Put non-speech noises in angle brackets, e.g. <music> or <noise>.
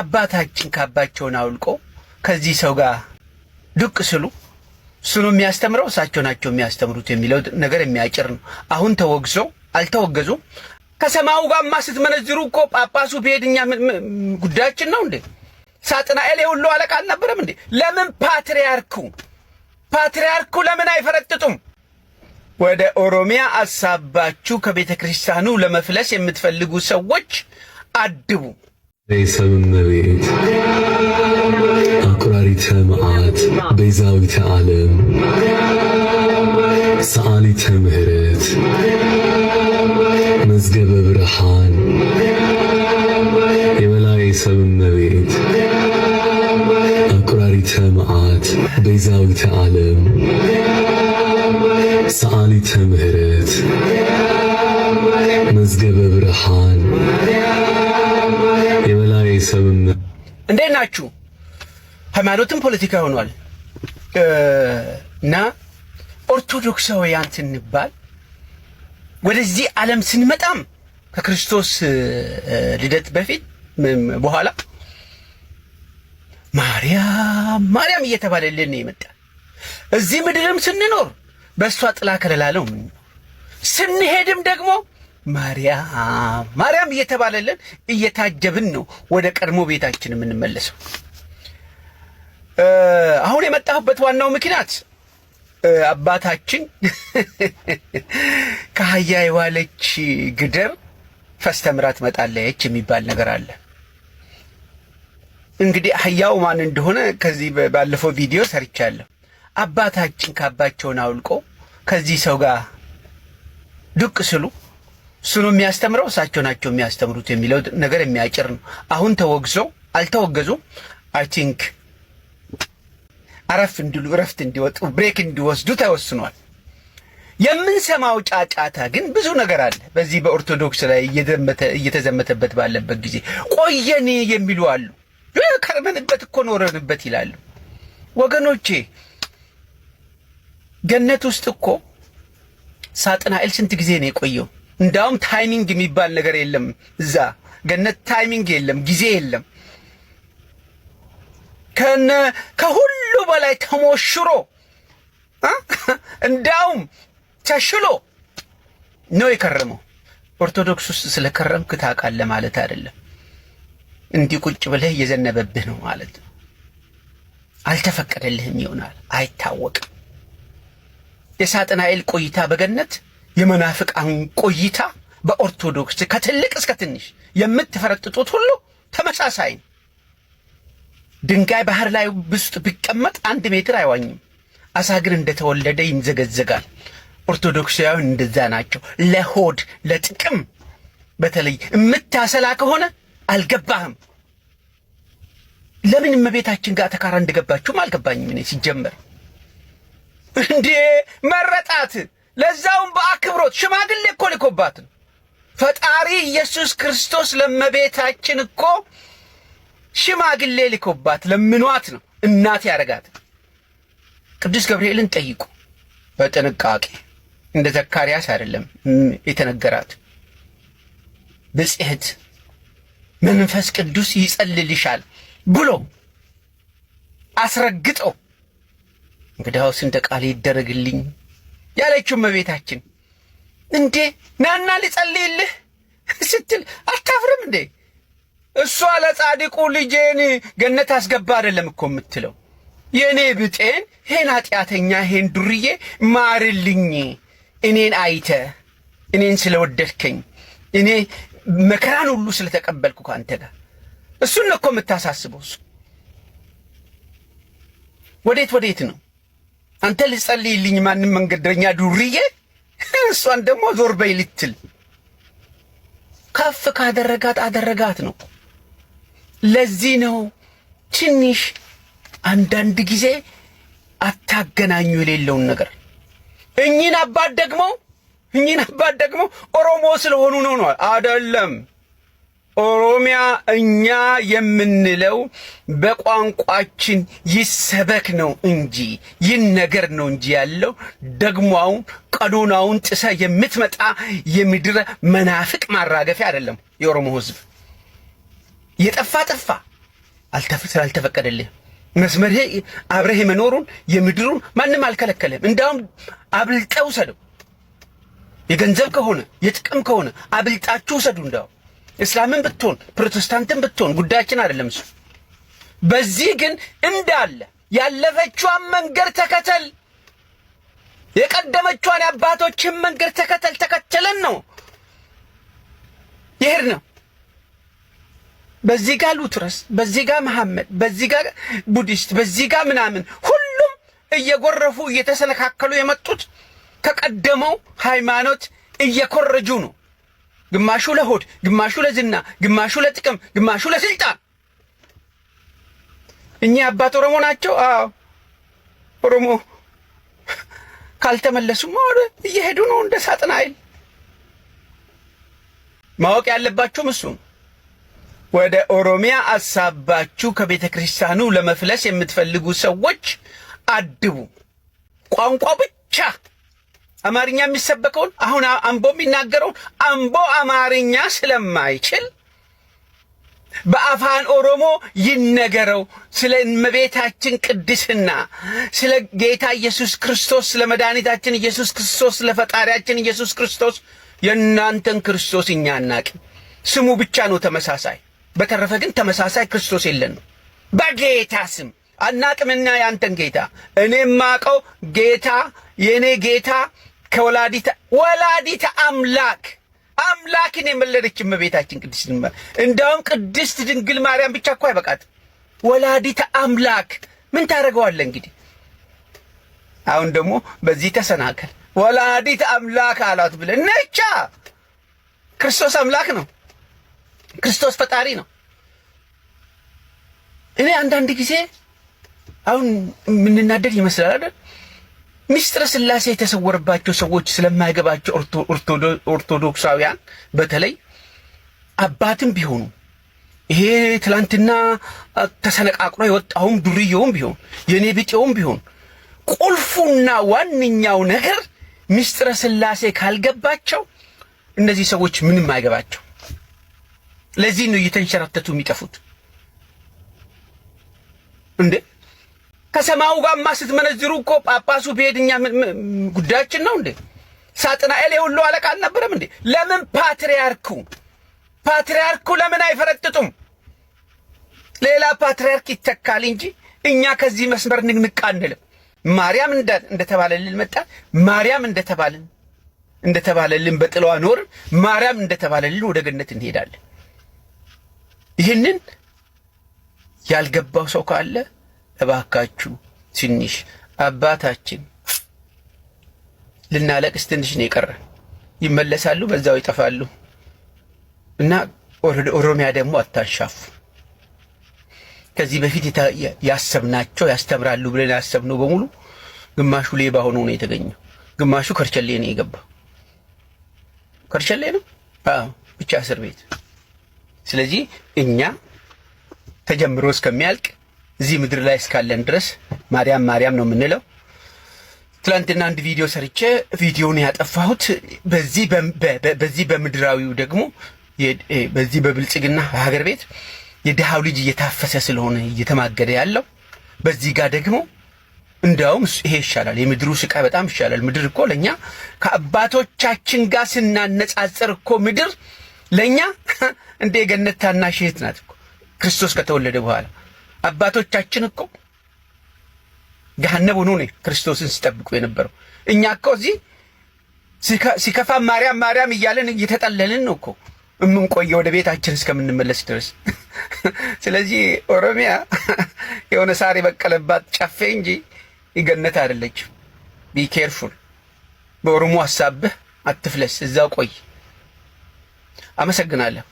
አባታችን ካባቸውን አውልቆ ከዚህ ሰው ጋር ዱቅ ስሉ ስኑ የሚያስተምረው፣ እሳቸው ናቸው የሚያስተምሩት የሚለው ነገር የሚያጭር ነው። አሁን ተወግዞ አልተወገዙም። ከሰማዩ ማ ስትመነዝሩ እኮ ጳጳሱ ብሄድ እኛ ጉዳያችን ነው እንዴ? ሳጥናኤል የሁሉ አለቃ አልነበረም እንዴ? ለምን ፓትርያርኩ ፓትርያርኩ ለምን አይፈረጥጡም? ወደ ኦሮሚያ አሳባችሁ ከቤተ ክርስቲያኑ ለመፍለስ የምትፈልጉ ሰዎች አድቡ። የሰብም ቤት አቁራሪተ መዓት ቤዛዊተ ዓለም ሰዓሊተ ምሕረት መዝገበ ብርሃን የበላይ ሰብም ቤት አቁራሪተ መዓት ቤዛዊተ ዓለም ሰዓሊተ ምሕረት መዝገበ ብርሃን እንዴት ናችሁ? ሃይማኖትም ፖለቲካ ሆኗል እና ኦርቶዶክሳውያን ስንባል ወደዚህ ዓለም ስንመጣም ከክርስቶስ ልደት በፊት በኋላ ማርያም ማርያም እየተባለልን ነው የመጣ። እዚህ ምድርም ስንኖር በእሷ ጥላ ከለላለው ስንሄድም ደግሞ ማርያም ማርያም እየተባለልን እየታጀብን ነው ወደ ቀድሞ ቤታችን የምንመለሰው። አሁን የመጣሁበት ዋናው ምክንያት አባታችን <laughs> ከአህያ የዋለች ግደር ፈስተምራ ትመጣለች የሚባል ነገር አለ። እንግዲህ አህያው ማን እንደሆነ ከዚህ ባለፈው ቪዲዮ ሰርቻለሁ። አባታችን ካባቸውን አውልቆ ከዚህ ሰው ጋር ዱቅ ስሉ ስኑ የሚያስተምረው፣ እሳቸው ናቸው የሚያስተምሩት የሚለው ነገር የሚያጭር ነው። አሁን ተወግዞ አልተወገዙ አይ ቲንክ አረፍ እንዲሉ እረፍት እንዲወጡ ብሬክ እንዲወስዱ ተወስኗል። የምንሰማው ጫጫታ ግን ብዙ ነገር አለ። በዚህ በኦርቶዶክስ ላይ እየተዘመተበት ባለበት ጊዜ ቆየን የሚሉ አሉ። ከርመንበት እኮ ኖረንበት ይላሉ። ወገኖቼ ገነት ውስጥ እኮ ሳጥናኤል ስንት ጊዜ ነው የቆየው? እንዳውም ታይሚንግ የሚባል ነገር የለም። እዛ ገነት ታይሚንግ የለም፣ ጊዜ የለም። ከነ ከሁሉ በላይ ተሞሽሮ እንዳውም ተሽሎ ነው የከረመው። ኦርቶዶክስ ውስጥ ስለከረምክ ታውቃለህ ማለት አይደለም። እንዲህ ቁጭ ብለህ እየዘነበብህ ነው ማለት ነው። አልተፈቀደልህም ይሆናል፣ አይታወቅም። የሳጥናኤል ቆይታ በገነት የመናፍቃን ቆይታ በኦርቶዶክስ ከትልቅ እስከ ትንሽ የምትፈረጥጡት ሁሉ ተመሳሳይ ነው። ድንጋይ ባህር ላይ ውስጥ ቢቀመጥ አንድ ሜትር አይዋኝም። አሳ ግን እንደተወለደ ይንዘገዘጋል። ኦርቶዶክሳዊ እንደዛ ናቸው። ለሆድ ለጥቅም በተለይ የምታሰላ ከሆነ አልገባህም። ለምን እመቤታችን ጋር ተካራ እንደገባችሁም አልገባኝም። እኔ ሲጀመር እንዴ መረጣት ለዛውም በአክብሮት ሽማግሌ እኮ ልኮባት ነው። ፈጣሪ ኢየሱስ ክርስቶስ ለመቤታችን እኮ ሽማግሌ ልኮባት ለምኗት ነው እናት ያደረጋት። ቅዱስ ገብርኤልን ጠይቁ በጥንቃቄ እንደ ዘካርያስ አይደለም የተነገራት። ብጽሕት መንፈስ ቅዱስ ይጸልልሻል ብሎ አስረግጠው እንግዲያውስ እንደ ቃል ይደረግልኝ ያለችው እመቤታችን እንዴ ናና ልጸልይልህ ስትል አታፍርም እንዴ? እሷ ለጻድቁ ልጄን ገነት አስገባ አይደለም እኮ የምትለው የእኔ ብጤን ይሄን ኃጢአተኛ ይሄን ዱርዬ ማርልኝ፣ እኔን አይተ እኔን ስለወደድከኝ እኔ መከራን ሁሉ ስለተቀበልኩ ከአንተ ጋር እሱን እኮ የምታሳስበው እሱ ወዴት ወዴት ነው? አንተ ልጸልይልኝ ማንም መንገደኛ ዱርዬ፣ እሷን ደግሞ ዞር በይ ልትል ከፍ ካደረጋት አደረጋት ነው። ለዚህ ነው ትንሽ አንዳንድ ጊዜ አታገናኙ የሌለውን ነገር። እኚህን አባት ደግሞ እኚህን አባት ደግሞ ኦሮሞ ስለሆኑ ነው ነው አይደለም። ኦሮሚያ እኛ የምንለው በቋንቋችን ይሰበክ ነው እንጂ ይነገር ነው እንጂ ያለው ደግሞውን ቀኖናውን ጥሰ የምትመጣ የምድረ መናፍቅ ማራገፊያ አይደለም። የኦሮሞ ህዝብ የጠፋ ጠፋ ስላልተፈቀደልህ መስመር አብረህ የመኖሩን የምድሩን ማንም አልከለከለም። እንዳውም አብልጠው ውሰደው። የገንዘብ ከሆነ የጥቅም ከሆነ አብልጣችሁ ውሰዱ እንዳውም እስላምን ብትሆን ፕሮቴስታንትን ብትሆን ጉዳያችን አይደለም እሱ። በዚህ ግን እንዳለ ያለፈችዋን መንገድ ተከተል፣ የቀደመችዋን የአባቶችን መንገድ ተከተል። ተከተለን ነው ይሄድ ነው። በዚህ ጋር ሉትረስ፣ በዚህ ጋር መሐመድ፣ በዚህ ጋር ቡዲስት፣ በዚህ ጋር ምናምን ሁሉም እየጎረፉ እየተሰነካከሉ የመጡት ከቀደመው ሃይማኖት እየኮረጁ ነው። ግማሹ ለሆድ፣ ግማሹ ለዝና፣ ግማሹ ለጥቅም፣ ግማሹ ለስልጣን። እኚህ አባት ኦሮሞ ናቸው። አዎ ኦሮሞ ካልተመለሱም ወደ እየሄዱ ነው እንደ ሳጥናኤል። ማወቅ ያለባችሁም እሱ ወደ ኦሮሚያ አሳባችሁ ከቤተ ክርስቲያኑ ለመፍለስ የምትፈልጉ ሰዎች አድቡ። ቋንቋ ብቻ አማርኛ የሚሰበከውን አሁን አምቦ የሚናገረውን አምቦ አማርኛ ስለማይችል በአፋን ኦሮሞ ይነገረው። ስለ እመቤታችን ቅድስና፣ ስለ ጌታ ኢየሱስ ክርስቶስ፣ ስለ መድኃኒታችን ኢየሱስ ክርስቶስ፣ ስለ ፈጣሪያችን ኢየሱስ ክርስቶስ። የእናንተን ክርስቶስ እኛ አናቅም። ስሙ ብቻ ነው ተመሳሳይ። በተረፈ ግን ተመሳሳይ ክርስቶስ የለን ነው በጌታ ስም አናቅምና ያንተን ጌታ እኔ ማቀው ጌታ የእኔ ጌታ ከወላዲተ ወላዲተ አምላክ አምላክን የመለደች እመቤታችን ቅድስት ድንግል እንዳውም ቅድስት ድንግል ማርያም ብቻ እኮ አይበቃት ወላዲተ አምላክ ምን ታደርገዋለ እንግዲህ። አሁን ደግሞ በዚህ ተሰናከል። ወላዲተ አምላክ አሏት ብለን ነቻ። ክርስቶስ አምላክ ነው። ክርስቶስ ፈጣሪ ነው። እኔ አንዳንድ ጊዜ አሁን የምንናደድ ይመስላል አይደል? ሚስጥረ ስላሴ የተሰወረባቸው ሰዎች ስለማይገባቸው ኦርቶዶክሳውያን በተለይ አባትም ቢሆኑ ይሄ ትላንትና ተሰነቃቅሎ የወጣውም ዱርየውም ቢሆን የእኔ ቢጤውም ቢሆን ቁልፉና ዋነኛው ነገር ሚስጥረ ስላሴ ካልገባቸው እነዚህ ሰዎች ምንም አይገባቸው። ለዚህ ነው እየተንሸራተቱ የሚጠፉት እንዴ ከሰማዩ ጋርማ ስትመነዝሩ እኮ ጳጳሱ ብሄድ እኛ ጉዳያችን ነው እንዴ? ሳጥናኤል የሁሉ አለቃ አልነበረም እንዴ? ለምን ፓትርያርኩ ፓትርያርኩ ለምን አይፈረጥጡም? ሌላ ፓትርያርክ ይተካል እንጂ እኛ ከዚህ መስመር ንቅንቅ አንልም። ማርያም እንደተባለልን መጣ። ማርያም እንደተባልን እንደተባለልን በጥለዋ ኖርን። ማርያም እንደተባለልን ወደ ገነት እንሄዳለን። ይህንን ያልገባው ሰው ካለ እባካችሁ ትንሽ አባታችን ልናለቅስ ትንሽ ነው የቀረ። ይመለሳሉ፣ በዛው ይጠፋሉ እና ኦሮሚያ ደግሞ አታሻፉ ከዚህ በፊት ያሰብናቸው ያስተምራሉ ብለን ያሰብነው በሙሉ ግማሹ ሌባ ሆኖ ነው የተገኘው። ግማሹ ከርቸሌ ነው የገባው። ከርቸሌ ነው ብቻ እስር ቤት። ስለዚህ እኛ ተጀምሮ እስከሚያልቅ እዚህ ምድር ላይ እስካለን ድረስ ማርያም ማርያም ነው የምንለው። ትላንትና አንድ ቪዲዮ ሰርቼ ቪዲዮውን ያጠፋሁት በዚህ በምድራዊው ደግሞ በዚህ በብልጽግና ሀገር ቤት የድሃው ልጅ እየታፈሰ ስለሆነ እየተማገደ ያለው በዚህ ጋር ደግሞ እንዲያውም ይሄ ይሻላል። የምድሩ ስቃይ በጣም ይሻላል። ምድር እኮ ለእኛ ከአባቶቻችን ጋር ስናነጻጽር እኮ ምድር ለእኛ <laughs> እንደ የገነት ታናሽ እህት ናት እኮ ክርስቶስ ከተወለደ በኋላ አባቶቻችን እኮ ገሃነም ሆኖ ነው ክርስቶስን ሲጠብቁ የነበረው። እኛ እኮ እዚህ ሲከፋ ማርያም ማርያም እያለን እየተጠለልን ነው እኮ የምንቆየ ወደ ቤታችን እስከምንመለስ ድረስ። <laughs> ስለዚህ ኦሮሚያ <laughs> የሆነ ሳር የበቀለባት ጨፌ እንጂ ይገነት ቢ ኬርፉል፣ በኦሮሞ ሀሳብህ አትፍለስ፣ እዛው ቆይ። አመሰግናለሁ።